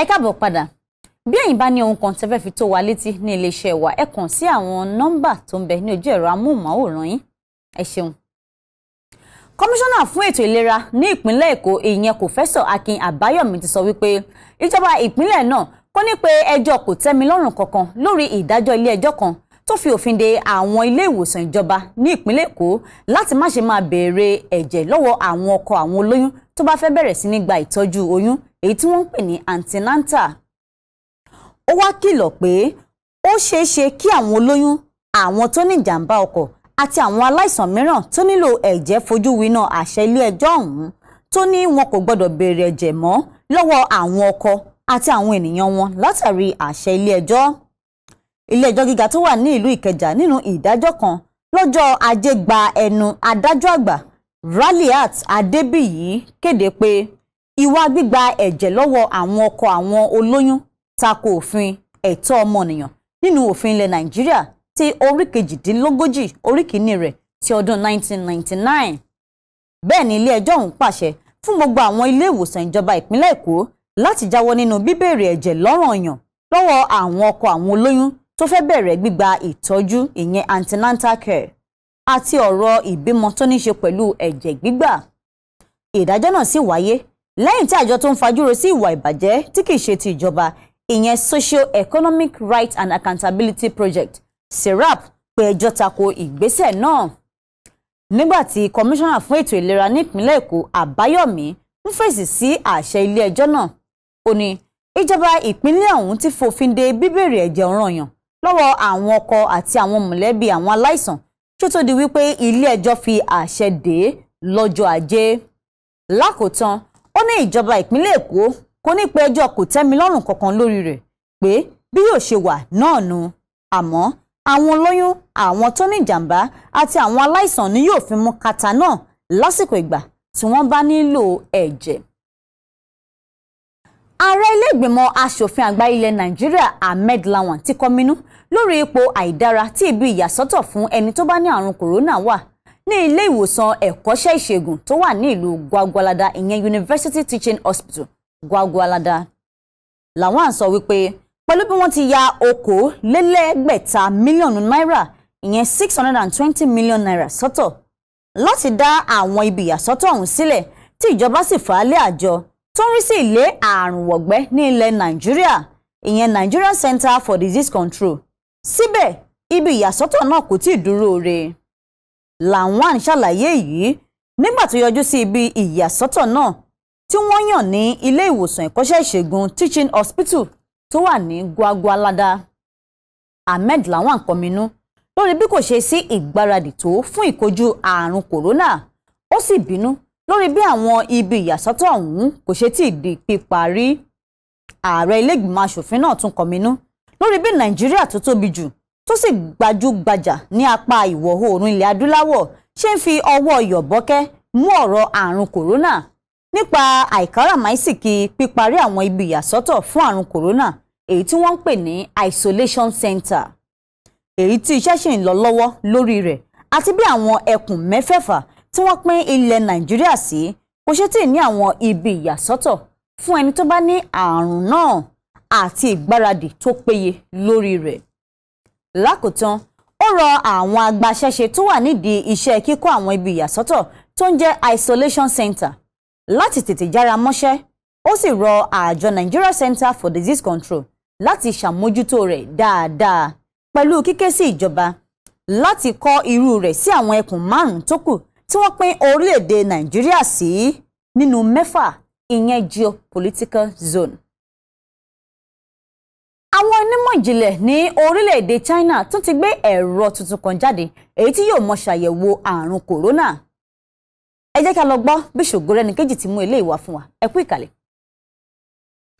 ẹ káàbọ̀ padà bí ẹ̀yin bá ní ohun kan tẹ́ fẹ́ fi tó wa létí ní iléeṣẹ́ wa ẹ kàn sí àwọn nọ́mbà tó ń bẹ ní ojú ẹ̀rọ amóhùnmáwòrán yín ẹ ṣeun. kọmíṣánná fún ètò ìlera ní ìpínlẹ̀ èkó ìyẹn kòfẹ́sọ̀ akin àbáyọ̀mí ti sọ wípé ìjọba ìpínlẹ̀ náà kò ní pé ẹjọ́ kò tẹ́mi lọ́rùn kankan lórí ìdájọ́ ilé ẹjọ́ kan tó fi òfin de àwọn ilé ìwòsàn ìjọba ní ìpínlẹ̀ èkó láti má ṣe máa béèrè ẹ̀jẹ̀ lọ́wọ́ àwọn ọkọ àwọn olóyún tó bá fẹ́ bẹ̀rẹ̀ sí ní gba ìtọ́jú oyún èyí tí wọ́n ń pè ní antinanta ó wá kìlọ̀ pé ó ṣeé ṣe kí àwọn olóyún àwọn tó ní ìjàmbá ọkọ̀ àti àwọn aláìsàn mìíràn tó nílò ẹ̀jẹ̀ fojú winá àṣẹ ilé ẹjọ́ ọ̀hún tó ní wọn kò gbọ́dọ̀ béèrè ẹ̀jẹ̀ mọ́ lọ́wọ́ àwọn ọkọ àti àwọn ènìyàn wọn látàrí àṣẹ ilé ẹjọ́ ilé ẹjọ́ gíga tó wà ní ìlú Ìkẹjà nínú ìdájọ́ kan lọ́jọ́ ajé gba ẹnu adájọ́ àgbà Raliat Adébíyí kéde pé ìwà gbígba ẹ̀jẹ̀ lọ́wọ́ àwọn ọkọ àwọn olóyún tako òfin ẹ̀tọ́ ọmọnìyàn nínú òfin ilẹ̀ nàìjíríà tí orí kejìdínlógójì orí kìíní rẹ̀ ti ọdún 1999 bẹ́ẹ̀ ni ilé ẹjọ́ ọ̀hún pàṣẹ fún gbogbo àwọn ilé ìwòsàn ìjọba ìpínlẹ̀ èkó láti jáwọ́ nínú bíbèrè ẹ̀jẹ̀ lọ́ranyàn lọ́wọ́ àwọn ọkọ àwọn olóyún tó fẹ́ bẹ̀rẹ̀ gbígba ìtọ́jú ìyẹn antenatal care àti ọ̀rọ̀ ìbímọ tó ní ṣe pẹ̀lú ẹ̀jẹ̀ gbígbà ìdájọ́ náà sì wáyé lẹ́yìn tí àjọ tó ń fajúro sí ìwà ìbàjẹ́ tí kìí ṣe ti ìjọba ìyẹn socio-economic rights and accountability project serap pé ẹjọ́ tako ìgbésẹ̀ náà nígbà tí kọmíṣánná fún ètò ìlera nípínlẹ̀ èkó àbáyọ̀mí ń fèsì sí àṣẹ ilé ẹjọ́ náà ó ní ìjọba ìpínlẹ̀ ọ̀hún ti fòfin de bíbèrè ẹ̀jẹ̀ ọ̀ranyàn lọ́wọ́ àwọn ọkọ àti àwọn mọ̀lẹ́bí àwọn aláìsàn tí tó di wípé ilé ẹjọ́ fi àṣẹ dè é lọ́jọ́ ajé lákòótán ó ní ìjọba ìpínlẹ̀ èkó kò ní pé ẹjọ́ kò tẹ́mi lọ́rùn kankan lórí rẹ̀ pé bí yóò ṣe wà náà nu àmọ́ àwọn olóyún àwọn tó ní ìjàmbá àti àwọn aláìsàn ni yóò fi mú kàtà náà lásìkò ìgbà tí wọ́n bá nílò ẹ̀jẹ̀. ààrẹ ilé ìgbìmọ̀ asòfin àgbà ilẹ̀ nàìjíríà ahmed lawan ti kọminú lórí ipò àìdára tí ibi ìyàsọ́tọ̀ fún ẹni tó bá ní àrùn kòrónà wà ní ilé ìwòsàn ẹ̀kọ́ṣẹ́ ìṣègùn tó wà ní ìlú Gwagwalada ìyẹn University Teaching Hospital Gwagwalada Lawan sọ wípé pẹ̀lú bí wọ́n ti ya okòólélẹ́gbẹ̀ta mílíọ̀nù náírà ìyẹn six hundred and twenty million naira sọ́tọ̀ láti dá àwọn ibi ìyàsọ́tọ̀ ọ̀hún sílẹ̀ tí ìjọba sì fà á lé àjọ tó ń rí sí ilé ààrùn wọ̀gbẹ́ ní ilẹ̀ Nàìjíríà ìyẹn Nigerian Center for Disease Control síbẹ̀ ibi ìyàsọ́tọ̀ náà kò tí ì dúró re. Lawan ṣàlàyé yìí nígbà tó yọjú sí ibi ìyàsọ́tọ̀ náà tí wọ́n yàn ní ilé ìwòsàn ìkọ́ṣẹ́ ìṣègùn teaching hospital tó wà ní Gwagwalada Ahmed Lawan kọminú lórí bí kò ṣe sí ìgbáradì tó fún ìkojú àrùn corona. ó sì bínú lórí bí àwọn ibi ìyàsọ́tọ̀ ọ̀hún kò ṣe tí ì di píparí ààrẹ ilé ìgbìmọ̀ asòfin náà tún kọminú lórí bí Nàìjíríà tó tóbi jù tó sì gbajúgbajà ní apá ìwọ̀ oòrùn ilẹ̀ adúláwọ̀ ṣe ń fi ọwọ́ yọ̀bọ́kẹ́ mú ọ̀rọ̀ àrùn kòrónà nípa àìkáràmáìsìkì píparí àwọn ibi ìyàsọ́tọ̀ fún àrùn kòrónà èyí tí wọ́n ń pè ní isolation center èyí tí iṣẹ́ ṣì ń lọ lọ́wọ́ lórí rẹ̀ àti bí àwọn ẹkùn mẹ́fẹ̀ẹ̀fà tí wọ́n pín ilẹ̀ nàìjíríà sí kò ṣe tí ì ní àwọn ibi ìyàsọ́tọ̀ fún ẹni tó bá ní àrùn náà àti ìgbáradì tó péye lórí rẹ̀ lákòótán ó rọ àwọn agbaṣẹ́ṣe tó wà nídìí iṣẹ́ kíkọ́ àwọn ibi ìyàsọ́tọ̀ tó ń jẹ́ isolation center láti tètè jára mọ́ṣẹ́ ó sì rọ àjọ Nigeria Center for Disease Control láti ṣàmójútó rẹ̀ dáadáa pẹ̀lú kíké sí ìjọba láti kọ́ irú rẹ̀ sí àwọn ẹkùn márùn-ún tó kù tí wọ́n pín orílẹ̀-èdè Nàìjíríà sí nínú mẹ́fà ìyẹn geopolitical zone àwọn onímọ̀ ìjìnlẹ̀ ní orílẹ̀-èdè China tún ti gbé ẹ̀rọ tuntun kan jáde èyí tí yóò mọ ṣàyẹ̀wò àrùn kòrónà ẹ jẹ́ ká lọ gbọ́ bí Ṣògorẹ́nìkejì ti mú eléyìí wá fún wa ẹ kú ìkàlẹ̀.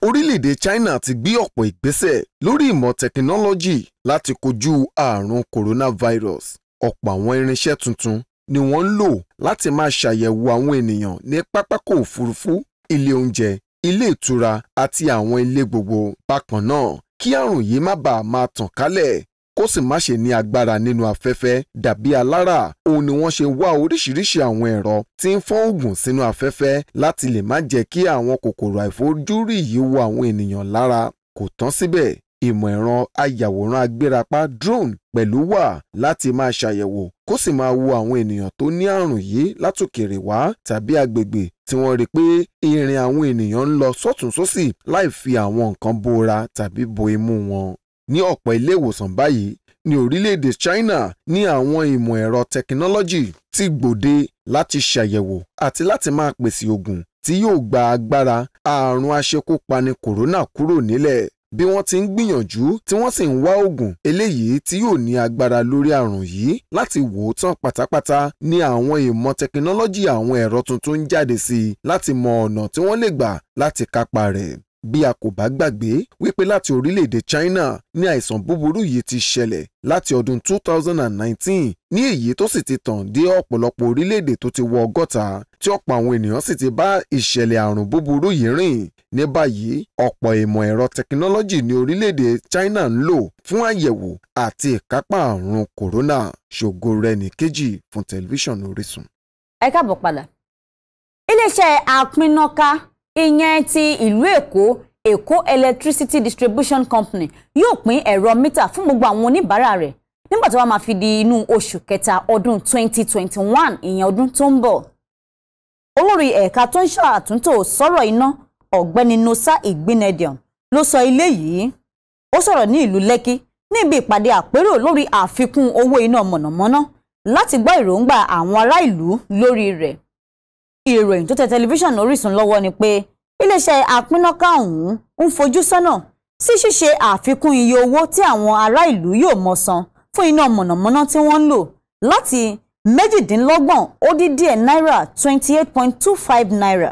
orílẹ̀-èdè China ti gbé ọ̀pọ̀ ìgbésẹ̀ lórí ìmọ̀ tẹkinọ́lọ́jì láti kojú àrùn coronavirus ọ̀pọ̀ àwọn irinṣẹ́ tuntun ni wọ́n ń lò láti máa ṣàyẹ̀wò àwọn ènìyàn ní pápákọ̀ òfurufú ilé oúnjẹ ilé ìtura àti àwọn ilé gbogbo bákan náà kí àrùn yìí má bàa máa tàn kálẹ̀ kó sì má ṣe ní agbára nínú afẹ́fẹ́ dàbí alára òun ni wọ́n ṣe wá oríṣiríṣi àwọn ẹ̀rọ tí ń fọ́n oògùn sínú afẹ́fẹ́ láti lè má jẹ́ kí àwọn kòkòrò àìfojúrí yìí wọ àwọn ènìyàn lára kò tán síbẹ̀ ìmọ̀ ẹ̀rọ ayàwòrán agbérapá drone pẹ̀lú wà láti máa ṣàyẹ̀wò kó sì máa wo àwọn ènìyàn tó ní àrùn yìí látòkèrè wá tàbí agbègbè tí wọ́n rí pé ìrìn àwọn ènìyàn ń lọ sọ́tún sósì láì fi àwọn nǹkan bora tàbí bo imú wọn. ní ọ̀pọ̀ ilé ìwòsàn báyìí ní orílẹ̀-èdè China ní àwọn ìmọ̀ ẹ̀rọ tẹkinọ́lọ́jì ti gbòde láti ṣàyẹ̀wò àti láti máa pèsè ògùn tí yóò gba agbára àrùn aṣekúpani kòrónà kúrò nílẹ̀ bí wọ́n ti ń gbìyànjú tí wọ́n sì ń wá oògùn eléyìí tí yóò ní agbára lórí àrùn yìí láti wò ó tán pátápátá ní àwọn ìmọ̀ tẹkinọ́lọ́jì àwọn ẹ̀rọ tuntun ń jáde sí i láti mọ ọ̀nà tí wọ́n lè gbà láti kápá rẹ̀. Bí a kò bá gbàgbé wí láti orílẹ̀-èdè China ni àìsàn búburú yìí ti ṣẹlẹ̀ láti ọdún 2019 ní èyí tó sì ti tàn dé ọ̀pọ̀lọpọ̀ orílẹ̀-èdè tó ti wọ ọgọ́ta, tí ọ̀pọ̀ àwọn ènìyàn sì ti bá ìṣẹ̀lẹ̀ àrùn búburú yìí rìn. Ní báyìí, ọ̀pọ̀ ìmọ̀-ẹ̀rọ tẹkinọ́lọ́jì ní orílẹ̀-èdè China ń lò fún àyẹ̀wò àti ìkápá àrùn kòrónà. Ṣògo rẹ̀ nìkejì fún tẹlifíṣàn Orísun. Ẹ káàbọ̀ padà. Iléeṣẹ́ àpinnáká ìyẹn ti ìlú èkó èkó electricity distribution company yóò pín ẹ̀rọ mítà fún gbogbo àwọn oníbàárà rẹ̀ nígbà tó bá máa fi di inú oṣù kẹta ọdún 2021 ìyẹn ọdún tó ń bọ̀ olórí ẹ̀ka tó ń ṣàtúntò sọ̀rọ̀ iná ọ̀gbẹ́ni nosa ìgbínẹdìọ̀n ló sọ ilé yìí ó sọ̀rọ̀ ní ìlú lẹ́kí níbi ìpàdé àpérò lórí àfikún owó iná mọ̀nàmọ́ná láti gbọ́ èròǹgbà àwọn ará ìlú lórí rẹ̀ ìròyìn tó tẹ tẹlifíṣàn Orísun lọ́wọ́ ni pé iléeṣẹ́ apínnáká ọ̀hún ń fojú sọ́nà sí ṣíṣe àfikún iye owó tí àwọn ará ìlú yóò mọ san fún iná mọ̀nàmọ́ná tí wọ́n ń lò láti méjìdínlọ́gbọ̀n ó dín díẹ̀ náírà twenty eight point two five naira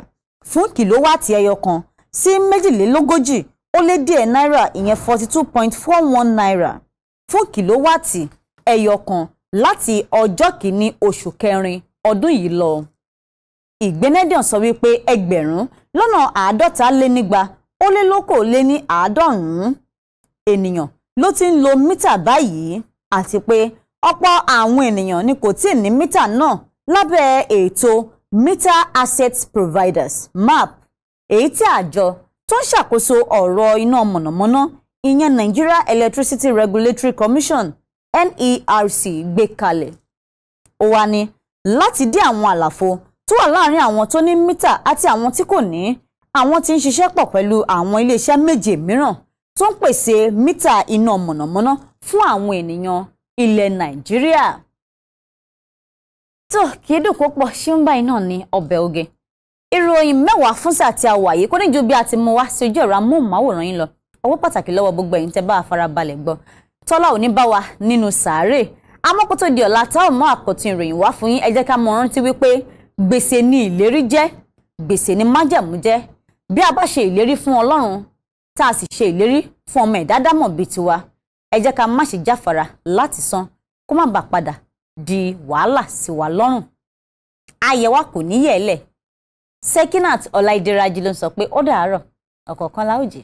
fún kìlówáàtì ẹyọ kan sí méjìlélógójì ó lé díẹ̀ náírà ìyẹn forty two point four one naira fún kìlówáàtì ẹyọ kan láti ọjọ́ kìíní oṣù kẹrin ọdún yìí lọ. Ìgbẹ́nẹ́dàn sọ wípé ẹgbẹ̀rún lọ́nà àádọ́ta lé nígba ó lé lókò lé ní àádọ́rùn-ún ènìyàn ló ti ń lo mítà báyìí àti pé ọ̀pọ̀ àwọn ènìyàn ni kò tíì ní mítà náà lábẹ́ ètò Meter Asset Providers MAP èyí tí àjọ tó ń ṣàkóso ọ̀rọ̀ iná mọ̀nàmọ́ná ìyẹn Nigeria Electricity Regulatory Commission NERC gbé kalẹ̀ ó wá ní láti dí àwọn àlàfo tó wà láàrin àwọn tó ní mítà àti àwọn tí kò ní àwọn tí ń ṣiṣẹ́ pọ̀ pẹ̀lú àwọn iléeṣẹ́ méje mìíràn tó ń pèsè mítà iná mọ̀nàmọ́ná fún àwọn ènìyàn ilẹ̀ nàìjíríà. tó kì dùn kó ṣé ń bá iná ní ọbẹ̀ oge. ìròyìn mẹ́wàá fún sáà tí a wà yìí kò ní ju bí a ti mú wá sí ojú ẹ̀rọ amóhùnmáwòrán yín lọ ọwọ́ pàtàkì lọ́wọ́ gbogbo ẹ̀yin tẹ́ bá farabalẹ̀ gbọ́ tọ́lá ò ní bá wa nínú sàárè amọ́kótó di ọ̀la táwọn mọ́ àkótún ìròyìn wá fún yín ẹ jẹ́ ká mọ rántí wípé gbèsè ni ìlérí jẹ́ gbèsè ni májẹ̀mú jẹ́ bí a bá ṣe ìlérí fún ọlọ́run tá a sì ṣe ìlérí fún ọmọ ìdádámọ̀ bíi tiwa ẹ jẹ́ ká má ṣe jáfara láti san kó má bàa padà di wàhálà sí wa lọ́rùn ayé kò níyẹ̀ẹ́lẹ̀ Sekinat Ọláìdé Rájí ló ń sọ pé ó dàárọ̀ ọ̀kọ̀ọ̀kan láòjì.